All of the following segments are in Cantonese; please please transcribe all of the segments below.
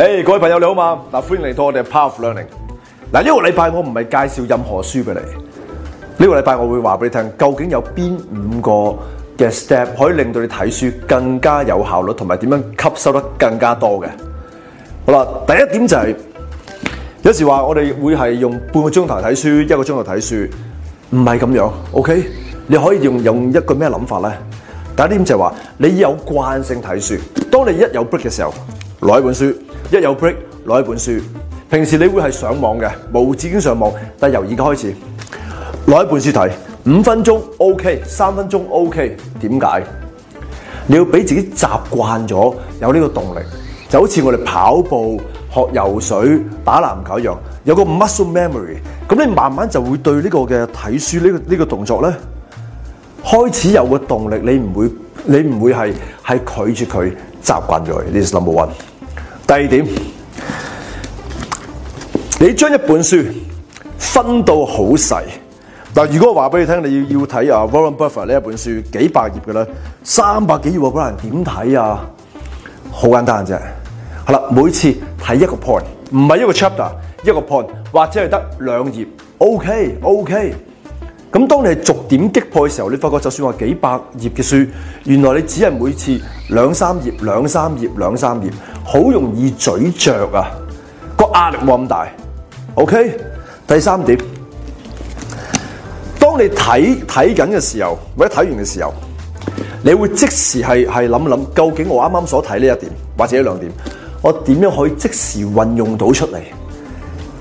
誒、hey，各位朋友你好嗎，嗱歡迎嚟到我哋 Path of Learning。嗱、這、呢個禮拜我唔係介紹任何書俾你，呢、這個禮拜我會話俾你聽，究竟有邊五個嘅 step 可以令到你睇書更加有效率，同埋點樣吸收得更加多嘅。好啦，第一點就係、是、有時話我哋會係用半個鐘頭睇書，一個鐘頭睇書，唔係咁樣。OK，你可以用用一個咩諗法咧？第一點就係話你有慣性睇書，當你一有 break 嘅時候。攞一本書，一有 break 攞一本書。平時你會係上網嘅，無止境上網，但係由而家開始攞一本書睇，五分鐘 OK，三分鐘 OK。點解？你要俾自己習慣咗，有呢個動力，就好似我哋跑步、學游水、打籃球一樣，有個 muscle memory。咁你慢慢就會對呢個嘅睇書呢個呢個動作咧，開始有個動力。你唔會，你唔會係係拒絕佢，習慣咗佢呢？number one。第二點，你將一本書分到好細嗱。但如果我話俾你聽，你要要睇啊 Warren Buffett 呢一本書幾百頁嘅啦，三百幾頁個人點睇啊？好簡單啫。好啦，每次睇一個 point，唔係一個 chapter，一個 point 或者係得兩頁，OK OK。咁當你係逐點擊破嘅時候，你發覺就算話幾百頁嘅書，原來你只係每次兩三頁、兩三頁、兩三頁，好容易咀嚼啊，個壓力冇咁大。OK，第三點，當你睇睇緊嘅時候，或者睇完嘅時候，你會即時係係諗諗，究竟我啱啱所睇呢一點或者兩點，我點樣可以即時運用到出嚟？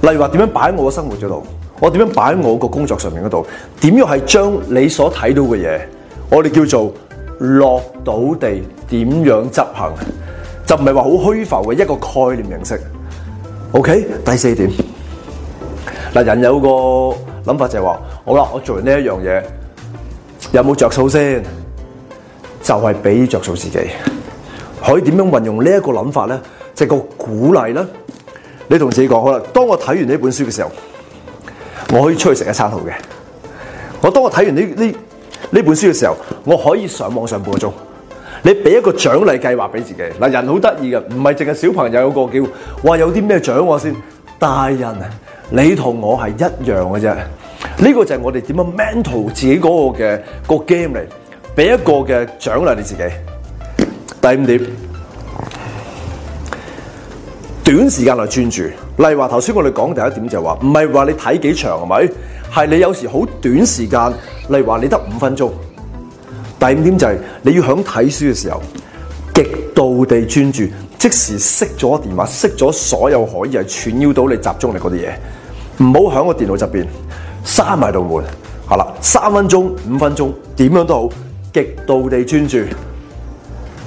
例如話點樣擺喺我嘅生活度？我點樣擺喺我個工作上面嗰度？點樣係將你所睇到嘅嘢，我哋叫做落到地，點樣執行？就唔係話好虛浮嘅一個概念形式。OK，第四點，嗱，人有個諗法就係話，好啦，我做完呢一樣嘢，有冇着數先？就係俾着數自己，可以點樣運用呢一個諗法咧？就係個鼓勵啦。你同自己講，好啦，當我睇完呢本書嘅時候。我可以出去食一餐好嘅。我當我睇完呢呢呢本書嘅時候，我可以上網上半個鐘。你俾一個獎勵計劃俾自己。嗱，人好得意嘅，唔係淨係小朋友有個叫，哇，有啲咩獎我先？大人啊，你同我係一樣嘅啫。呢個就係我哋點樣 mental 自己嗰個嘅個 game 嚟。俾一個嘅獎勵你自己。第五點，短時間嚟專注，例如話頭先我哋講第一點就係話，唔係話你睇幾長係咪？係你有時好短時間，例如話你得五分鐘。第五點就係、是、你要響睇書嘅時候，極度地專注，即時熄咗電話，熄咗所有可以係串擾到你集中力嗰啲嘢，唔好響個電腦側邊，閂埋度門，係啦，三分鐘、五分鐘、點樣都好，極度地專注，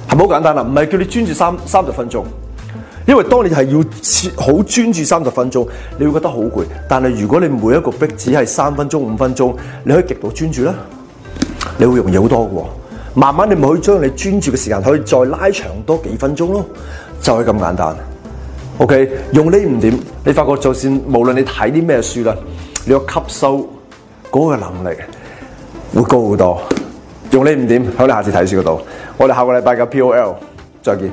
係咪好簡單啊？唔係叫你專注三三十分鐘。因為當你係要好專注三十分鐘，你會覺得好攰。但係如果你每一個逼只係三分鐘、五分鐘，你可以極度專注啦，你會容易好多嘅。慢慢你咪可以將你專注嘅時間可以再拉長多幾分鐘咯，就係咁簡單。OK，用呢五點，你發覺就算無論你睇啲咩書啦，你個吸收嗰個能力會高好多。用呢五點喺你下次睇書嗰度，我哋下個禮拜嘅 P O L 再見。